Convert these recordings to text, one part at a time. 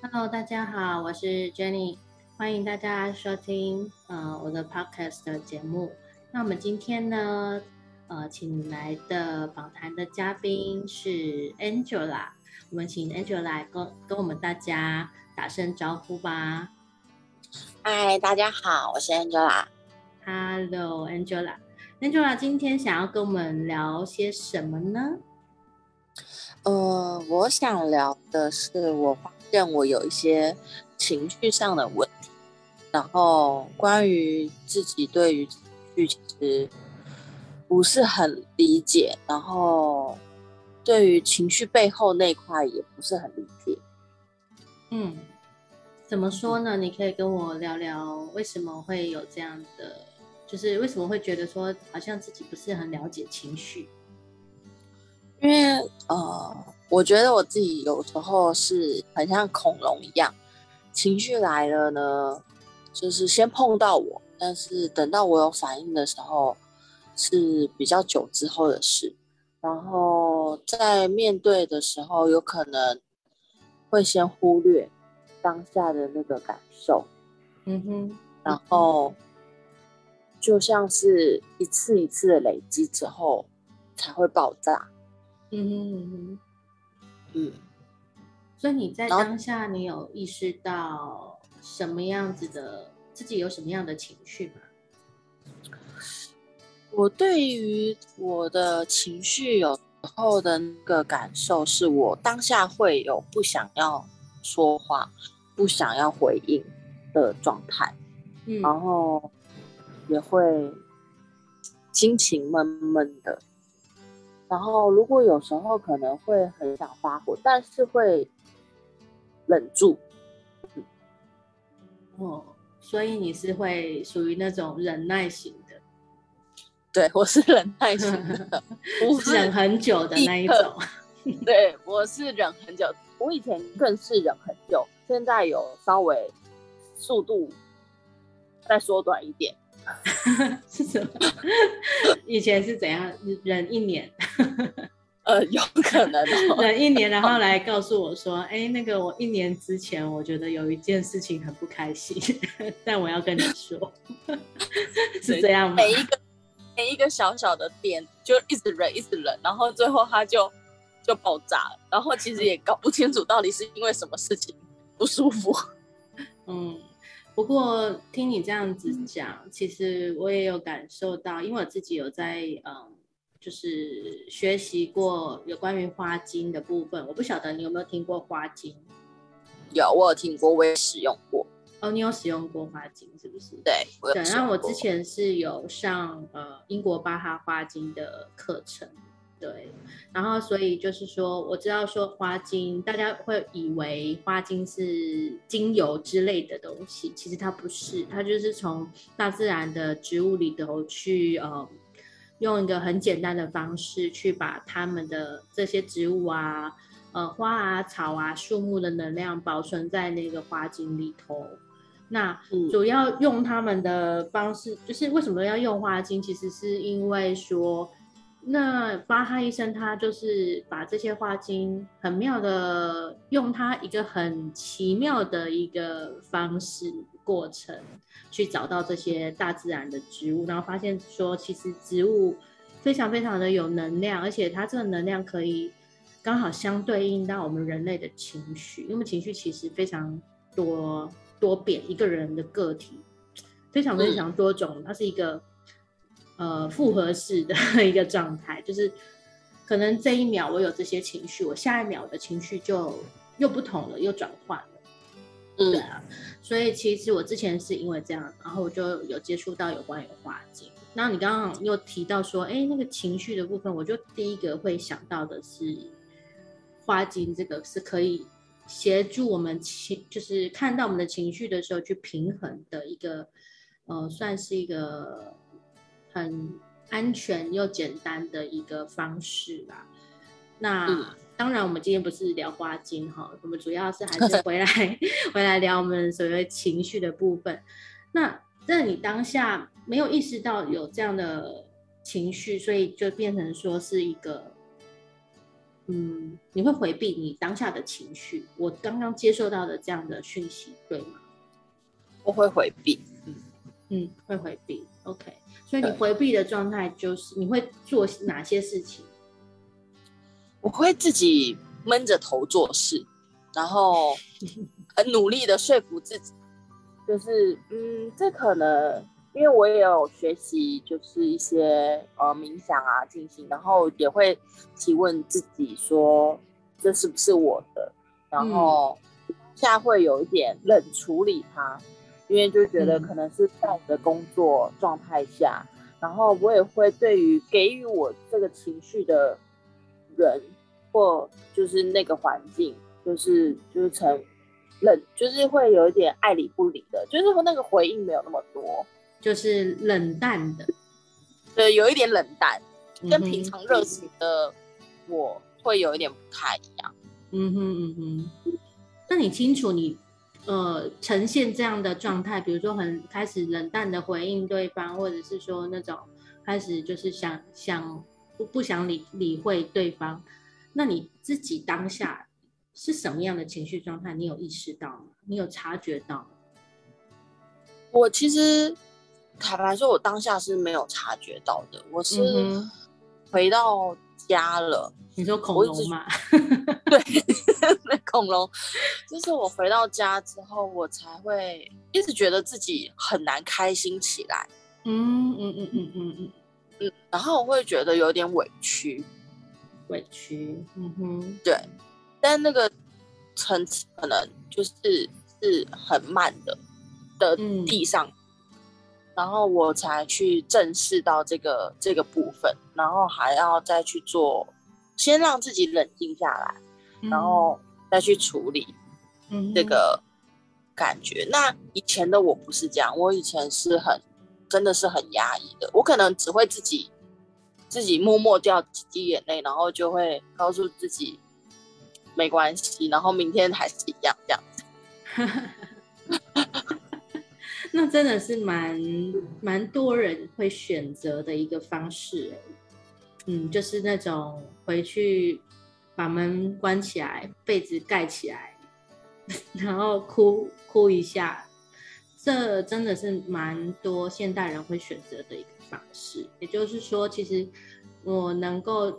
Hello，大家好，我是 Jenny，歡迎大家收聽呃我的 Podcast 的節目。那我們今天呢，呃，請來的訪談的嘉賓是 Angela，我們請 Angela 來跟跟我們大家打聲招呼吧。嗨，大家好，我是 Angela。Hello, Angela。Hello，Angela。Angela 今天想要跟我們聊些什麼呢？呃，uh, 我想聊的是我爸讓我有一些情緒上的問題，然後關於自己對於情緒其實不是很理解，然後對於情緒背後那塊也不是很理解。嗯，怎麼說呢？你可以跟我聊聊為什麼會有這樣的，就是為什麼會覺得說好像自己不是很了解情緒。因為呃，我覺得我自己有時候是很像恐龍一樣，情緒來了呢，就是先碰到我，但是等到我有反應的時候是比較久之後的事。然後在面對的時候，有可能會先忽略當下的那個感受，嗯哼，然後就像是一次一次的累積之後才會爆炸。嗯嗯嗯嗯，所以你在當下，你有意識到什麼樣子的自己有什麼樣的情緒嗎？我對於我的情緒有時候的那個感受，是我當下會有不想要說話、不想要回應的狀態，嗯，然後也會心情悶悶的。然後，如果有時候可能會很想發火，但是會忍住。哦，所以你是會屬於那種忍耐型的。對，我是忍耐型的， 忍很久的那一種。 對，我是忍很久，我以前更是忍很久，現在有稍微速度再縮短一點。 是什麼？ 以前是怎樣忍一年？ 呃，有可能、哦、 忍一年，然後來告訴我說：“哎、 欸，那個我一年之前，我覺得有一件事情很不開心， 但我要跟你說， 是這樣嗎？”每一個每一個小小的點，就一直忍，一直忍，然後最後他就就爆炸了。然後其實也搞不清楚到底是因為什麼事情不舒服。 嗯。不過聽你這樣子講，其實我也有感受到，因為我自己有在嗯，就是學習過有關於花精的部分。我不曉得你有沒有聽過花精？有，我有聽過，我也使用過。哦，你有使用過花精是不是？對，對，嗯。那我之前是有上呃英國巴哈花精的課程。對，然後所以就是說，我知道說花精，大家會以為花精是精油之類的東西，其實它不是，它就是從大自然的植物裡頭去呃，用一個很簡單的方式去把他們的這些植物啊、呃，花啊、草啊、樹木的能量保存在那個花精裡頭。那主要用他們的方式，就是為什麼要用花精？其實是因為說。那巴哈醫生他就是把這些花精很妙的用他一個很奇妙的一個方式過程去找到這些大自然的植物，然後發現說其實植物非常非常的有能量，而且它這個能量可以剛好相對應到我們人類的情緒，因為情緒其實非常多多變，一個人的個體非常非常多種，它是一個。呃，複合式的一個狀態，嗯、就是可能這一秒我有這些情緒，我下一秒的情緒就又不同了，又轉換了。嗯，對啊，所以其實我之前是因為這樣，然後我就有接觸到有關於花精。那你剛剛又提到說，哎、欸，那個情緒的部分，我就第一個會想到的是花精，這個是可以協助我們就是看到我們的情緒的時候去平衡的一個，呃、算是一個。很安全又簡單的一個方式吧。那、嗯、當然，我們今天不是聊花精哈，我們主要是還是回來 回來聊我們所謂情緒的部分。那在你當下沒有意識到有這樣的情緒，所以就變成說是一個，嗯，你會回避你當下的情緒。我剛剛接受到的這樣的訊息，對嗎？我會回避。嗯，會回避。OK，所以你回避的狀態就是、呃、你會做哪些事情？我會自己悶着頭做事，然後很努力的說服自己， 就是嗯，這可能因為我也有學習，就是一些呃冥想啊靜心，然後也會提問自己說這是不是我的，然後現在，嗯、會有一點冷處理它。因為就覺得可能是在我的工作狀態下，嗯、然後我也會對於給予我這個情緒的人，或就是那個環境，就是就是成冷，就是會有一點愛理不理的，就是那個回應沒有那麼多，就是冷淡的，對，有一點冷淡，嗯哼，跟平常熱情的我會有一點不太一樣。嗯哼嗯哼，那、嗯、你清楚你？呃，呈現這樣的狀態，比如說很開始冷淡的回應對方，或者是說那種開始就是想想不，不想理理會對方，那你自己當下是什麼樣的情緒狀態？你有意識到嗎？你有察覺到嗎？我其實坦白說，我當下是沒有察覺到的，我是。嗯回到家了，你說恐龍嗎？對， 那恐龍就是我回到家之後，我才會一直覺得自己很難開心起來。嗯嗯嗯嗯嗯嗯嗯，然後我會覺得有點委屈，委屈。嗯哼，對，但那個層次可能就是是很慢的的地上。嗯然後我才去正視到這個這個部分，然後還要再去做，先讓自己冷靜下來，然後再去處理這個感覺。嗯、哼那以前的我不是這樣，我以前是很真的是很壓抑的，我可能只會自己自己默默掉幾滴眼淚，然後就會告訴自己沒關係，然後明天還是一樣這樣子。 那真的是蠻蠻多人會選擇的一個方式耶，嗯，就是那種回去把門關起來，被子蓋起來，然後哭哭一下，這真的是蠻多現代人會選擇的一個方式。也就是說，其實我能夠，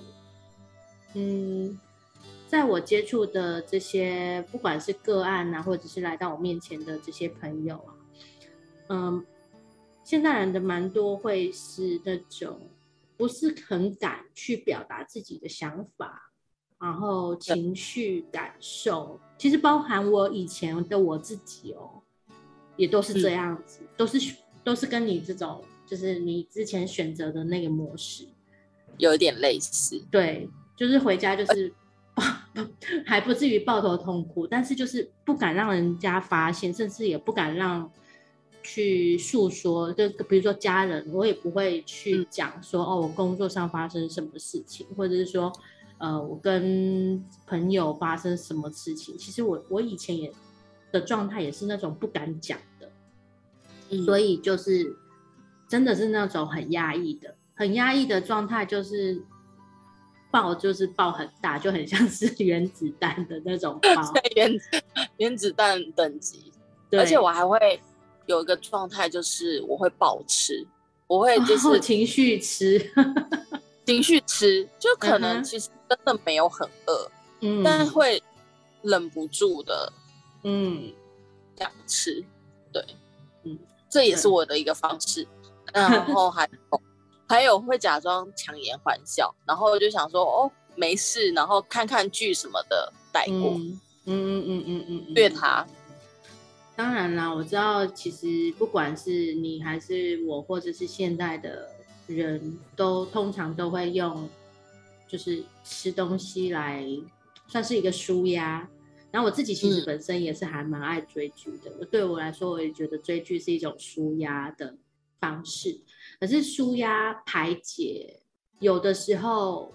嗯，在我接觸的這些，不管是個案啊，或者是來到我面前的這些朋友啊。嗯，現在人的蠻多會是那種不是很敢去表達自己的想法，然後情緒、嗯、感受，其實包含我以前的我自己哦，也都是這樣子，嗯、都是都是跟你這種，就是你之前選擇的那個模式有點類似。對，就是回家就是，嗯、 還不至於抱頭痛哭，但是就是不敢讓人家發現，甚至也不敢讓。去訴說，就比如說家人，我也不會去講說哦，我工作上發生什麼事情，或者是說，呃，我跟朋友發生什麼事情。其實我我以前也的狀態也是那種不敢講的，嗯、所以就是真的是那種很壓抑的，很壓抑的狀態，就是爆就是爆很大，就很像是原子彈的那種爆，對，原子原子彈等級，對。而且我還會。有一個狀態就是我會暴吃，我會就是、哦、情緒吃， 情緒吃就可能其實真的沒有很餓，嗯，但會忍不住的，嗯，想吃，對，嗯，這也是我的一個方式，嗯、然後還有 還有會假裝強顏歡笑，然後就想說哦沒事，然後看看劇什麼的帶過，嗯嗯嗯嗯嗯，虐、嗯嗯嗯嗯、他。當然啦，我知道，其實不管是你還是我，或者是現在的人都通常都會用，就是吃東西來算是一個舒壓。然後我自己其實本身也是還蠻愛追劇的，對我來說，我也覺得追劇是一種舒壓的方式。可是舒壓排解有的時候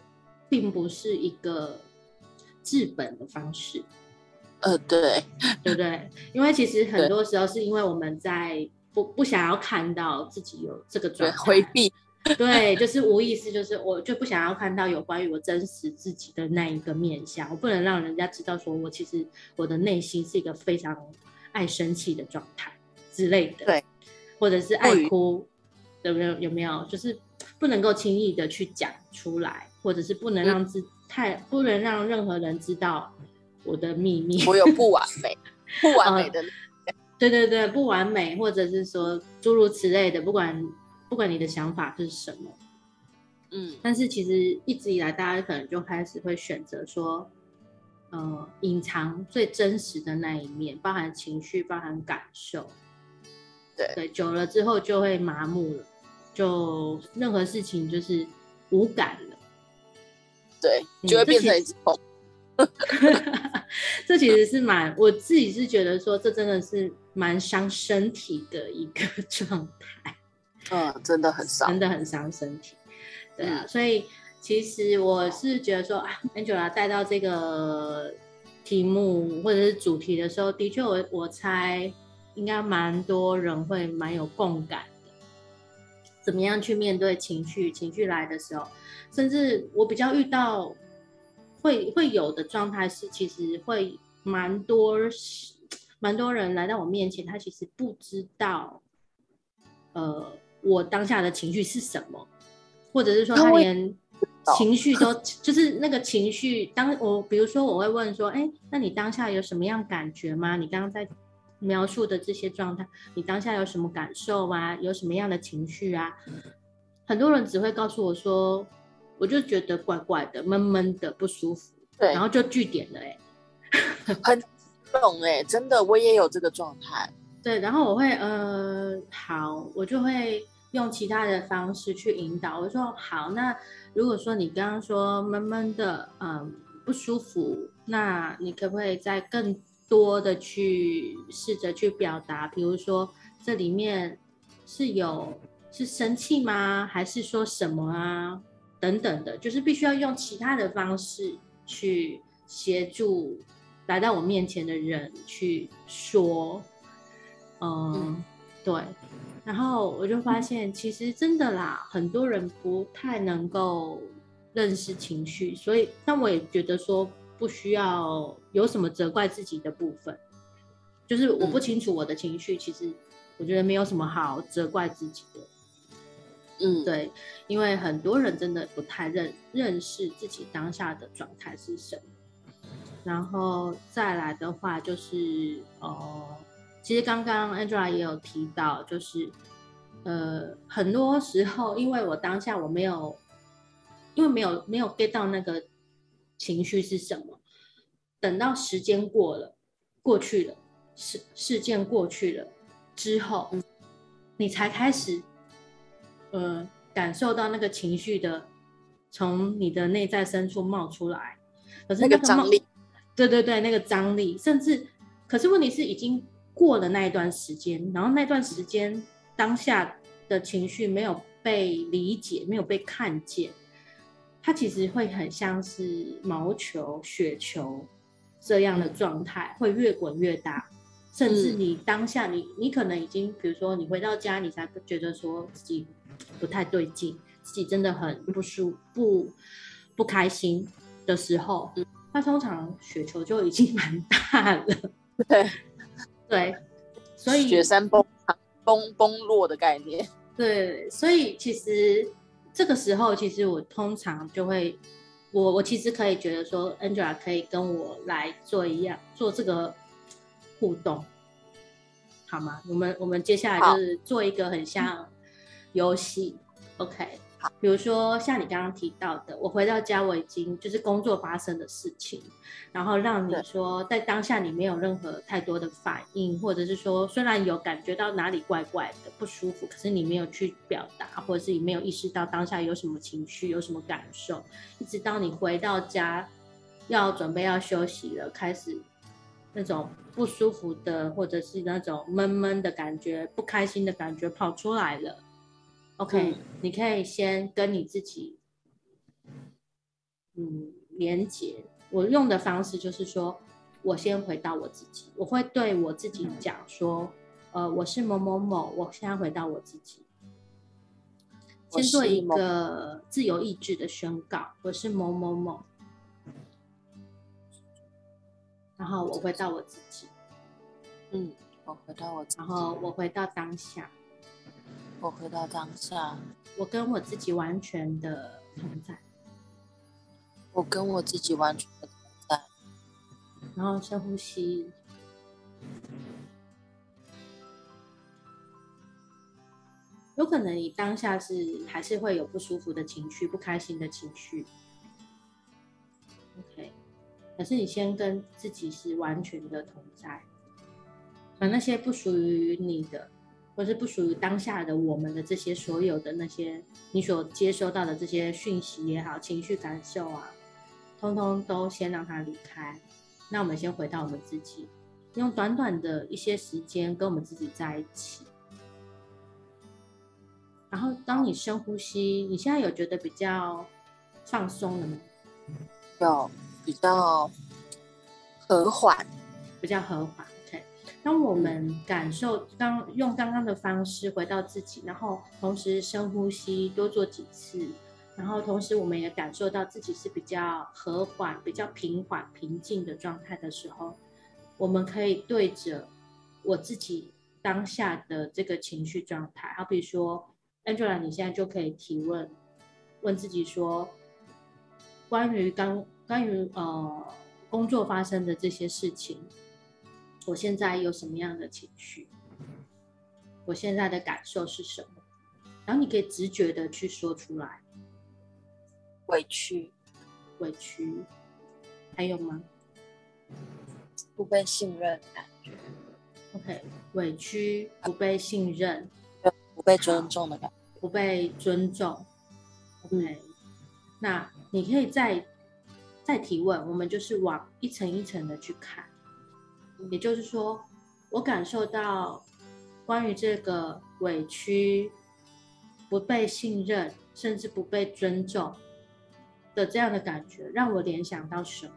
並不是一個治本的方式。呃，對對不對？因為其實很多時候是因為我們在不不想要看到自己有這個狀態，迴避。對，就是無意思，就是我就不想要看到有關於我真實自己的那一個面相。我不能讓人家知道，說我其實我的內心是一個非常愛生氣的狀態之類的。對，或者是愛哭，有沒有？有沒有？就是不能夠輕易的去講出來，或者是不能讓自、嗯、太不能讓任何人知道。我的秘密，我有不完美， 不完美的、 嗯、對對對，不完美，或者是說諸如此類的，不管不管你的想法是什麼，嗯，但是其實一直以來，大家可能就開始會選擇說，呃，隱藏最真實的那一面，包含情緒，包含感受。對，對久了之後就會麻木了，就任何事情就是無感了。對，你就會變成一只狗。嗯 這其實是蠻， 我自己是覺得說，這真的是蠻傷身體的一個狀態。嗯，真的很傷，真的很傷身體。對啊，嗯，所以其實我是覺得說，啊，Angela 帶到這個題目或者是主題的時候，的確，我我猜應該蠻多人會蠻有共感的。怎麼樣去面對情緒？情緒來的時候，甚至我比較遇到。會會有的狀態是，其實會蠻多，蠻多人來到我面前，他其實不知道，呃，我當下的情緒是什麼，或者是說，他連情緒都就是那個情緒，當我比如說，我會問說，哎，那你當下有什麼樣感覺嗎？你剛剛在描述的這些狀態，你當下有什麼感受啊？有什麼樣的情緒啊？很多人只會告訴我說，我就覺得怪怪的，悶悶的，不舒服。對，然後就句點了。欸、 很重、欸、真的，我也有這個狀態。對，然後我會嗯、呃，好，我就會用其他的方式去引導。我說好，那如果說你剛剛說悶悶的，嗯，不舒服，那你可不可以再更多的去試着去表達？比如說這裡面是有是生氣嗎？還是說什麼啊？等等的，就是必須要用其他的方式去協助來到我面前的人去說，嗯，嗯，對。然後我就發現，嗯、其實真的啦，很多人不太能夠認識情緒，所以，但我也覺得說，不需要有什麼責怪自己的部分，就是我不清楚我的情緒，其實我覺得沒有什麼好責怪自己的。嗯，對，因為很多人真的不太認認識自己當下的狀態是什麼，然後再來的話就是，哦，其實剛剛 Angela 也有提到，就是，呃，很多時候因為我當下我沒有，因為沒有沒有 get 到那個情緒是什麼，等到時間過了，過去了，事事件過去了之後，你才開始。呃、嗯，感受到那個情緒的從你的內在深處冒出來，可是那個，那個張力，對對對，那個張力，甚至，可是問題是已經過了那一段時間，然後那段時間當下的情緒沒有被理解，沒有被看見，它其實會很像是毛球、雪球這樣的狀態，嗯、會越滾越大，甚至你當下你、嗯、你可能已經，比如說你回到家，你才覺得說自己。不太對勁，自己真的很不舒服，不開心的時候，他、嗯、通常雪球就已經蠻大了。對對，所以雪山崩崩崩落的概念。對，所以其實這個時候，其實我通常就會，我我其實可以覺得說，Angela 可以跟我來做一樣，做這個互動，好嗎？我們我們接下來就是做一個很像好嗯遊戲，OK，好，比如說像你剛剛提到的，我回到家，我已經就是工作發生的事情，然後讓你說在當下你沒有任何太多的反應，或者是說雖然有感覺到哪裡怪怪的不舒服，可是你沒有去表達，或者是你沒有意識到當下有什麼情緒，有什麼感受，一直到你回到家要準備要休息了，開始那種不舒服的，或者是那種悶悶的感覺、不開心的感覺跑出來了。OK，嗯、你可以先跟你自己，嗯，連接。我用的方式就是說，我先回到我自己，我會對我自己講說，嗯、呃，我是某某某，我現在回到我自己，先做一個自由意志的宣告，我是某某某，然後我回到我自己，嗯，我回到我自己，然後我回到當下。我回到當下，我跟我自己完全的同在。我跟我自己完全的同在。然後深呼吸。有可能你當下是還是會有不舒服的情緒、不開心的情緒。OK，可是你先跟自己是完全的同在，把、啊、那些不屬於你的。或是不屬於當下的我們的這些所有的那些你所接收到的這些訊息也好，情緒感受啊，通通都先讓它離開。那我們先回到我們自己，用短短的一些時間跟我們自己在一起。然後，當你深呼吸，你現在有覺得比較放鬆了嗎？有，比較和緩，比較和緩。當我們感受剛用剛剛的方式回到自己，然後同時深呼吸，多做幾次，然後同時我們也感受到自己是比較和緩、比較平緩、平靜的狀態的時候，我們可以對着我自己當下的這個情緒狀態，好比如說，Angela，你現在就可以提問，問自己說，關於剛關於呃工作發生的這些事情。我現在有什麼樣的情緒？我現在的感受是什麼？然後你可以直覺的去說出來。委屈，委屈，還有嗎？不被信任的感覺。OK，委屈，不被信任，啊、不被尊重的感覺，不被尊重。OK，那你可以再再提問，我們就是往一層一層的去看。也就是說，我感受到關於這個委屈、不被信任，甚至不被尊重的這樣的感覺，讓我聯想到什麼？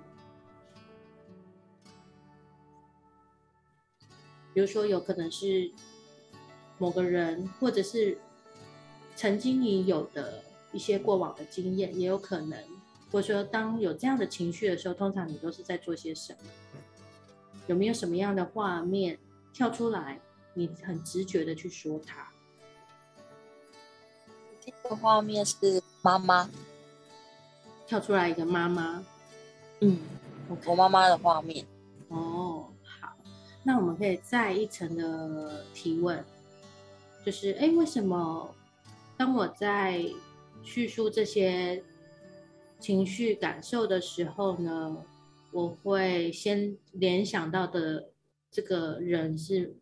比如說，有可能是某個人，或者是曾經已有的一些過往的經驗，也有可能。或者說，當有這樣的情緒的時候，通常你都是在做些什麼？有沒有什麼樣的畫面跳出來？你很直覺的去說它。這個畫面是媽媽，跳出來一個媽媽。嗯，okay. 我媽媽的畫面。哦，oh, 好，那我們可以再一層的提問，就是，誒，為什麼當我在敘述這些情緒感受的時候呢？我會先聯想到的這個人是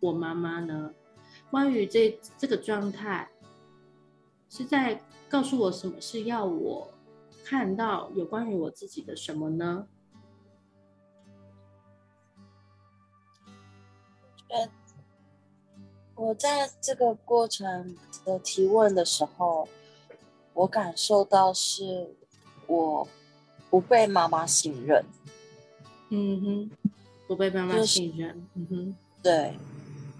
我媽媽呢？關於這這個狀態，是在告訴我什麼？是要我看到有關於我自己的什麼呢？呃，我在這個過程的提問的時候，我感受到是我。不被媽媽信任，嗯哼，不被媽媽信任，就是、嗯哼，對，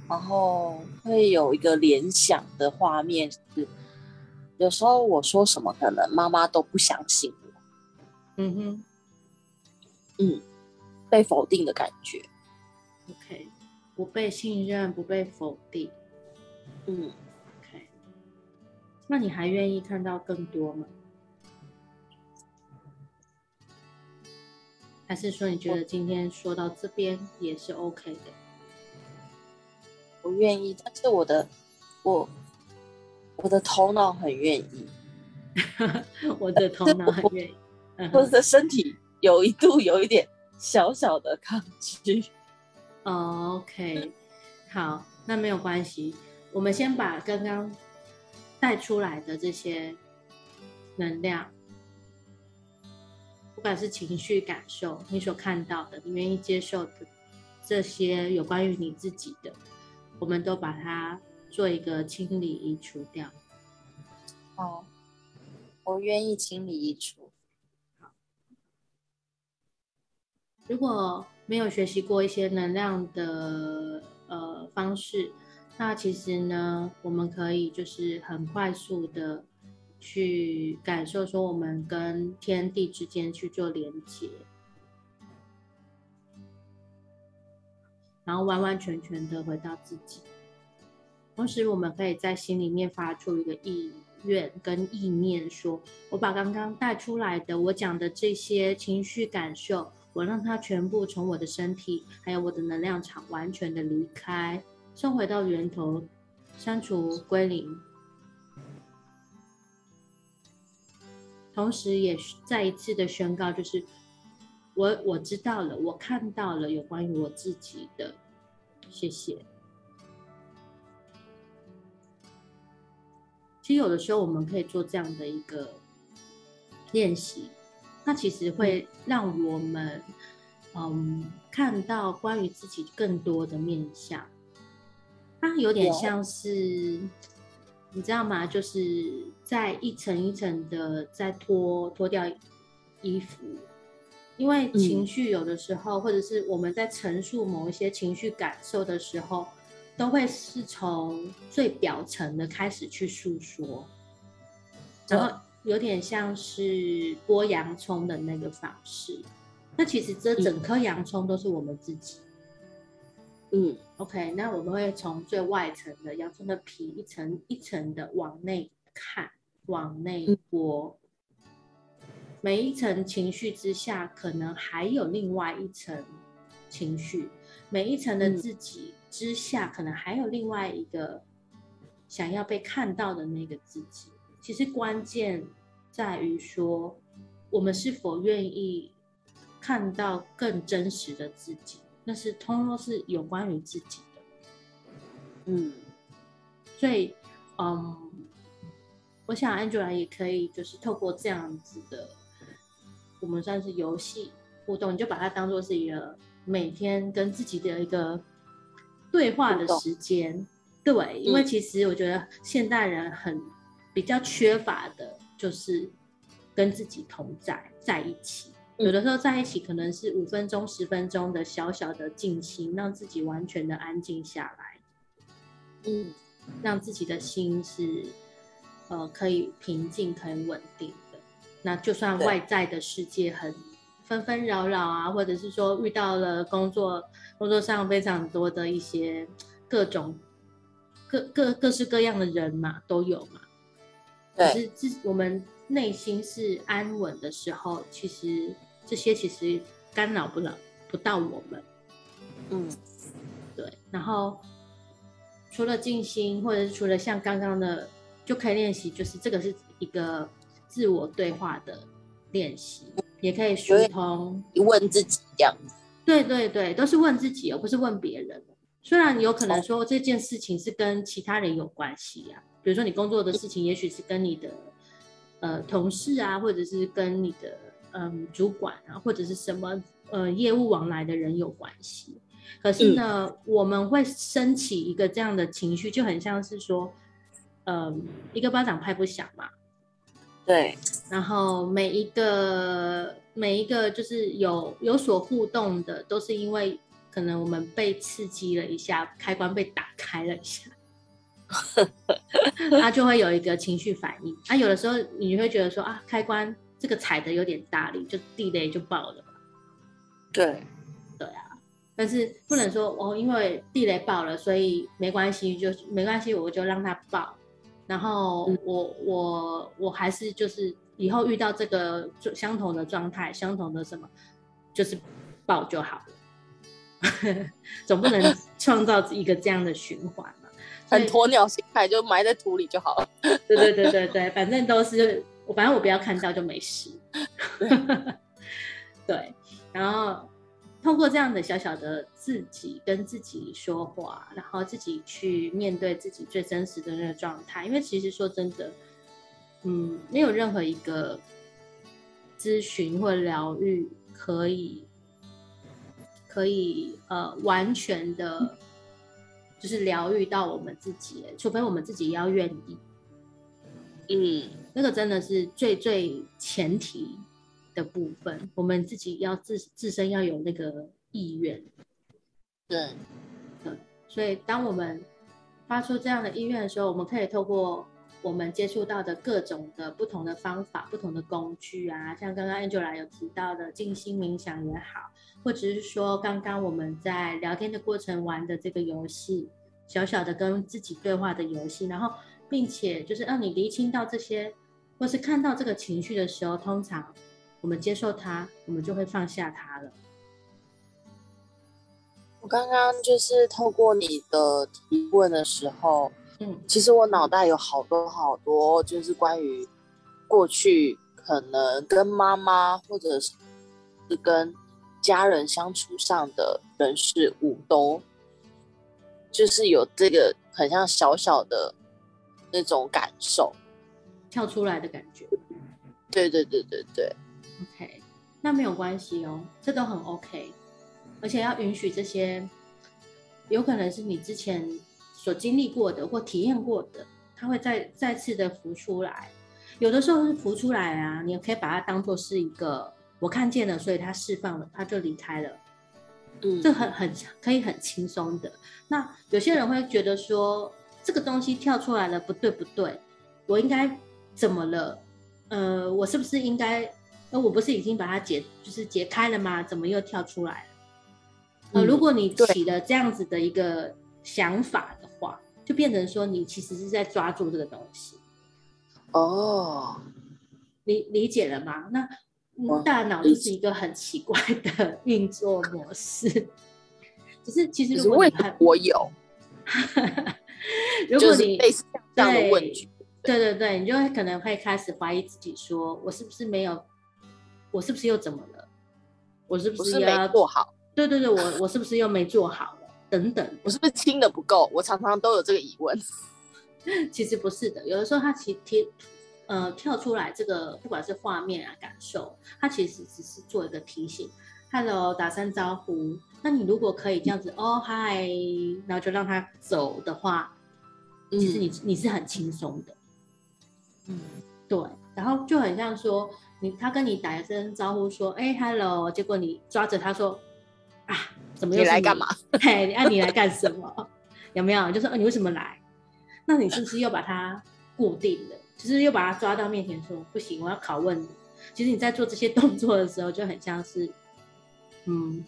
然後會有一個聯想的畫面是，有時候我說什麼，可能媽媽都不相信我，嗯哼，嗯，被否定的感覺，OK，不被信任，不被否定，嗯，OK，那你還願意看到更多嗎？還是說你覺得今天說到這邊也是 OK 的？我願意，但是我的我我的頭腦很願意， 我的頭腦很願意我，我的身體有一度有一點小小的抗拒。 OK，好，那沒有關係，我們先把剛剛帶出來的這些能量，不管是情緒感受、你所看到的、你願意接受的這些有關於你自己的，我們都把它做一個清理、移除掉。好、哦，我願意清理移除。好，如果沒有學習過一些能量的呃方式，那其實呢，我們可以就是很快速的。去感受，說我們跟天地之間去做連接，然後完完全全的回到自己。同時，我們可以在心裡面發出一個意願跟意念，說：“我把剛剛帶出來的，我講的這些情緒感受，我讓它全部從我的身體，還有我的能量場完全的離開，送回到源頭，刪除歸零。”同時，也再一次的宣告，就是我我知道了，我看到了有關於我自己的。謝謝。其實，有的時候我們可以做這樣的一個練習，那其實會讓我們嗯，嗯看到關於自己更多的面向。它有點像是。嗯你知道嗎？就是在一層一層的在脫脫掉衣服，因為情緒有的時候，嗯、或者是我們在陳述某一些情緒感受的時候，都會是從最表層的開始去訴說，嗯、然後有點像是剝洋蔥的那個方式。那其實這整顆洋蔥都是我們自己。嗯，OK，那我們會從最外層的洋蔥的皮一層一層的往內看，往內剝、嗯、每一層情緒之下，可能還有另外一層情緒；每一層的自己之下，嗯、可能還有另外一個想要被看到的那個自己。其實關鍵在於說，我們是否願意看到更真實的自己。那是通通是有關於自己的，嗯，所以，嗯，我想 Angela 也可以，就是透過這樣子的，我們算是遊戲互動，你就把它當做是一個每天跟自己的一個對話的時間，互動，對，因為、嗯、其實我覺得現代人很比較缺乏的，就是跟自己同在在一起。有的時候在一起，可能是五分鐘、十分鐘的小小的靜心，讓自己完全的安靜下來，嗯，讓自己的心是、呃、可以平靜、可以穩定的。那就算外在的世界很紛紛擾擾啊，對或者是說遇到了工作工作上非常多的一些各種各各各式各樣的人嘛，都有嘛。對可是自我們內心是安穩的時候，其實。這些其實干擾不了不到我們，嗯，對。然後除了靜心，或者是除了像剛剛的，就可以練習，就是這個是一個自我對話的練習，也可以疏通，你問自己這樣子。對對對，都是問自己，而不是問別人。雖然有可能說這件事情是跟其他人有關係啊，比如說你工作的事情，也許是跟你的、呃、同事啊，或者是跟你的。嗯，主管啊，或者是什麼呃業務往來的人有關係。可是呢，嗯、我們會升起一個這樣的情緒，就很像是說，嗯、一個巴掌拍不響嘛。對。然後每一個每一個就是有有所互動的，都是因為可能我們被刺激了一下，開關被打開了一下，他、 啊、就會有一個情緒反應。那、啊、有的時候你會覺得說啊，開關。這個踩的有點大力，就地雷就爆了。對，對啊。但是不能說哦，因為地雷爆了，所以沒關係，就沒關係，我就讓它爆。然後、嗯、我我我還是就是以後遇到這個相同的狀態，相同的什麼，就是爆就好了。 總不能創造一個這樣的循環嘛，很鴕鳥心態，就埋在土裡就好了。 對，對對對對對，反正都是。我反正我不要看到就沒事，嗯， 對，然後通過這樣的小小的自己跟自己說話，然後自己去面對自己最真實的那個狀態，因為其實說真的，嗯，沒有任何一個諮詢或療癒可以，可以呃完全的，就是療癒到我們自己，除非我們自己要願意，嗯。那個真的是最最前提的部分，我們自己要自自身要有那個意願，對，對，所以當我們發出這樣的意願的時候，我們可以透過我們接觸到的各種的不同的方法、不同的工具啊，像剛剛 Angela 有提到的靜心冥想也好，或者是說剛剛我們在聊天的過程玩的這個遊戲，小小的跟自己對話的遊戲，然後並且就是讓你釐清到這些。或是看到這個情緒的時候，通常我們接受它，我們就會放下它了。我剛剛就是透過你的提問的時候，嗯，其實我腦袋有好多好多，就是關於過去可能跟媽媽或者是跟家人相處上的人事物，都就是有這個很像小小的那種感受。跳出來的感覺，對對對對對，OK，那沒有關係哦，這都很 OK，而且要允許這些有可能是你之前所經歷過的或體驗過的，它會再再次的浮出來，有的時候是浮出來啊，你可以把它當做是一個我看見了，所以它釋放了，它就離開了，嗯對，這很很可以很輕鬆的。那有些人會覺得說這個東西跳出來了，不對不對，我應該。怎麼了？呃，我是不是應該？呃，我不是已經把它解，就是解開了嗎？怎麼又跳出來？呃，嗯、如果你起了這樣子的一個想法的話，對就變成說你其實是在抓住這個東西。哦、oh.，你理解了嗎？那、oh. 你大腦就是一個很奇怪的運作模式。只、oh. 是其實如果你我有， 如果你。似這樣的問句。對對對，你就會可能會開始懷疑自己說，說我是不是沒有，我是不是又怎麼了？我是不是，要是沒做好？對對對，我我是不是又沒做好了？等等，我是不是聽得不夠？我常常都有這個疑問。 其實不是的，有的時候他其實呃跳出來，這個不管是畫面啊、感受，他其實只是做一個提醒，Hello，打聲招呼。那你如果可以這樣子，嗯、哦、嗨，hi, 然後就讓他走的話，其實你、嗯、你是很輕鬆的。嗯，對，然後就很像說你他跟你打一聲招呼說哎、欸，hello，結果你抓着他說啊，怎麼又你你來幹嘛？哎，哎、啊，你來幹什麼？ 有沒有？就說、呃，你為什麼來？那你是不是又把它固定了？就是又把它抓到面前說不行，我要拷問你。其實你在做這些動作的時候，就很像是嗯，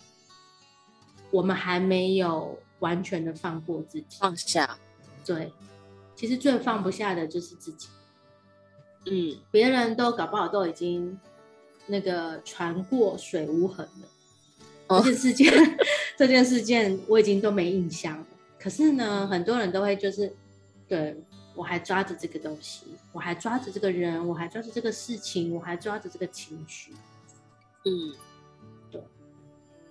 我們還沒有完全的放過自己，放下。對，其實最放不下的就是自己。嗯，別人都搞不好都已經那個船過水無痕了。哦。這件事件，呵呵，這件事件我已經都沒印象了。可是呢，很多人都會就是對，我還抓着這個東西，我還抓着這個人，我還抓着這個事情，我還抓着這個情緒。嗯，對。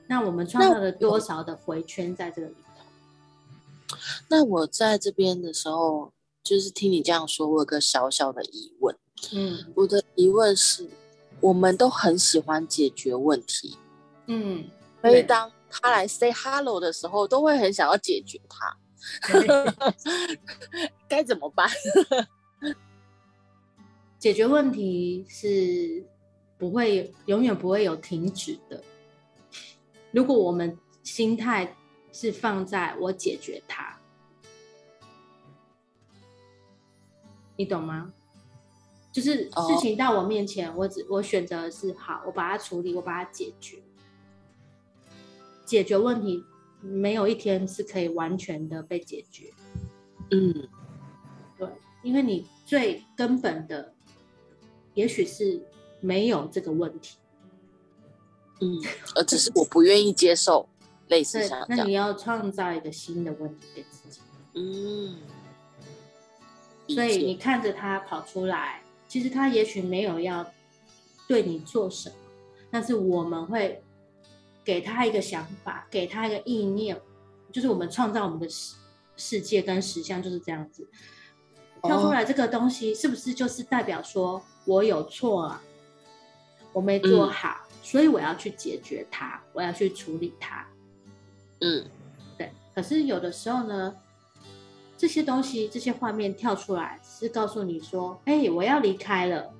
那我們創造了多少的迴圈在這個裡頭？那我，那我在這邊的時候。就是聽你這樣說，我有個小小的疑問。嗯，我的疑問是，我們都很喜歡解決問題。嗯，所以當他來 say hello 的時候，都會很想要解決他。對 該怎麼辦？ 解決問題是不會有，永遠不會有停止的。如果我們心態是放在我解決他。你懂嗎？就是事情到我面前，哦、我只我選擇的是好，我把它處理，我把它解決。解決問題沒有一天是可以完全的被解決。嗯，對，因為你最根本的，也許是沒有這個問題。嗯，而只是我不願意接受類似這樣。那你要創造一個新的問題給自己。嗯。所以你看着他跑出來，其實他也許沒有要對你做什麼，但是我們會給他一個想法，給他一個意念，就是我們創造我們的世世界跟實相就是這樣子。跳出來這個東西是不是就是代表說我有錯啊，我沒做好，嗯，所以我要去解決它，我要去處理它。嗯，對。可是有的時候呢？這些東西，這些畫面跳出來是告訴你說：“哎、欸，我要離開了，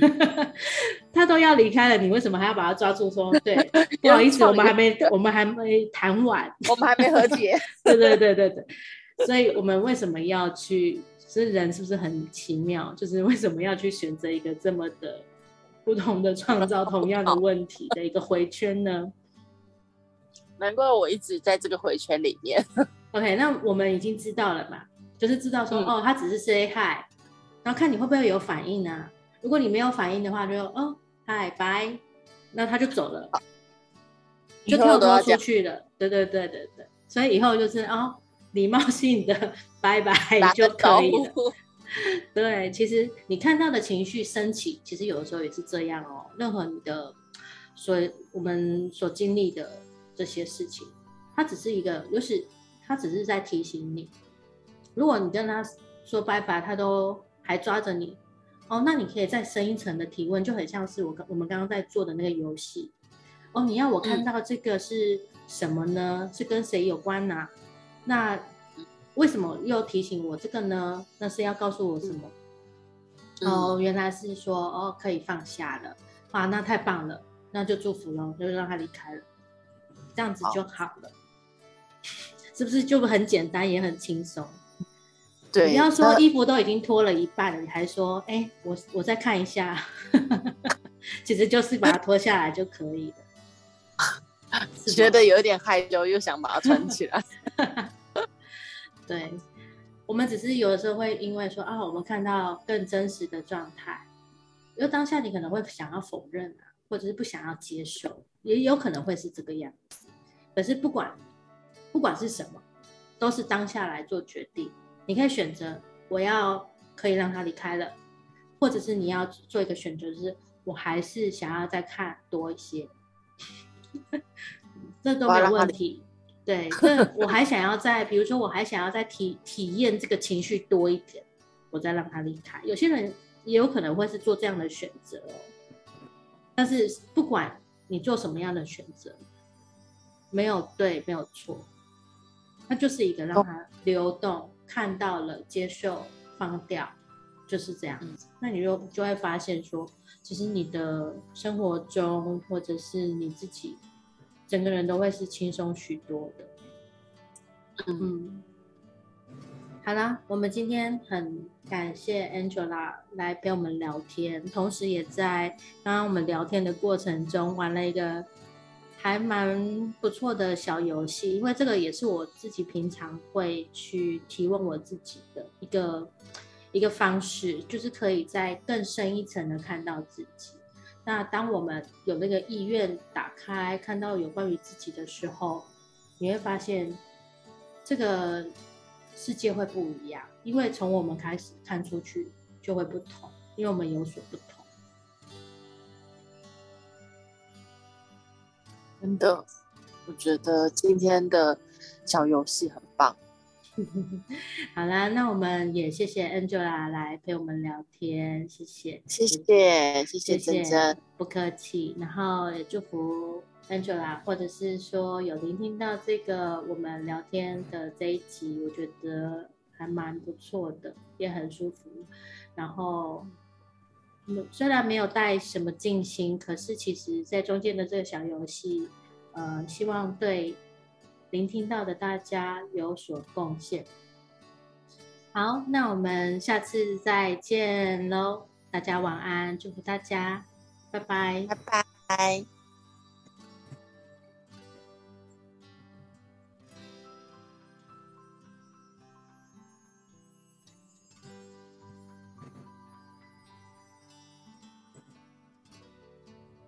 嗯、 他都要離開了，你為什麼還要把他抓住？”說：“對，不好意思， 一我們還沒，對我們還沒談完，我們還沒和解。”對 對對對對，所以我們為什麼要去？就是人是不是很奇妙？就是為什麼要去選擇一個這麼的不同的創造、哦、同樣的問題的一個回圈呢？難怪我一直在這個回圈裡面。OK，那我們已經知道了嘛，就是知道說、嗯、哦，他只是 say hi，然後看你會不會有反應呢、啊？如果你沒有反應的話就，就哦，hi bye，那他就走了，啊、就跳脫出去了。對對對對對，所以以後就是哦，禮貌性的 bye bye 就可以了。 對，其實你看到的情緒升起，其實有的時候也是這樣哦。任何你的所，所我們所經歷的這些事情，它只是一個，就是。他只是在提醒你，如果你跟他說拜拜，他都還抓着你哦，那你可以再深一層的提問，就很像是我剛我們剛剛在做的那個遊戲哦。你要我看到這個是什麼呢？嗯、是跟誰有關呢、啊？那為什麼又提醒我這個呢？那是要告訴我什麼？嗯、哦，原來是說哦可以放下了，哇、啊，那太棒了，那就祝福了，就讓他離開了，這樣子就好了。好是不是就很簡單，也很輕鬆？對，你要說、呃、衣服都已經脫了一半，你還說，哎、欸，我我再看一下， 其實就是把它脫下來就可以了。只覺得有點害羞，又想把它穿起來。 對，我們只是有的時候會因為說啊，我們看到更真實的狀態，因為當下你可能會想要否認、啊，或者是不想要接受，也有可能會是這個樣子。可是不管。不管是什麼，都是當下來做決定。你可以選擇我要可以讓他離開了，或者是你要做一個選擇，就是我還是想要再看多一些， 這都沒有問題。對，可是我還想要再， 比如說我還想要再體體驗這個情緒多一點，我再讓他離開。有些人也有可能會是做這樣的選擇。但是不管你做什麼樣的選擇，沒有對，沒有錯。它就是一個讓它流動，哦、看到了，接受，放掉，就是這樣子。嗯、那你就，就會發現說，其實你的生活中或者是你自己，整個人都會是輕鬆許多的。嗯，嗯，好啦，我們今天很感謝 Angela 來陪我們聊天，同時也在剛剛我們聊天的過程中玩了一個。還蠻不錯的小遊戲，因為這個也是我自己平常會去提問我自己的一個一個方式，就是可以在更深一層的看到自己。那當我們有那個意願打開，看到有關於自己的時候，你會發現這個世界會不一樣，因為從我們開始看出去就會不同，因為我們有所不同。真的，我覺得今天的小遊戲很棒。 好啦，那我們也謝謝 Angela 來陪我們聊天，謝謝，謝謝，謝謝，謝謝 Jenny，不客氣。然後也祝福 Angela，或者是說有聆聽到這個我們聊天的這一集，我覺得還蠻不錯的，也很舒服。然後。雖然沒有帶什麼靜心，可是其實在中間的這個小遊戲，呃，希望對聆聽到的大家有所貢獻。好，那我們下次再見嘍！大家晚安，祝福大家，拜拜，拜拜。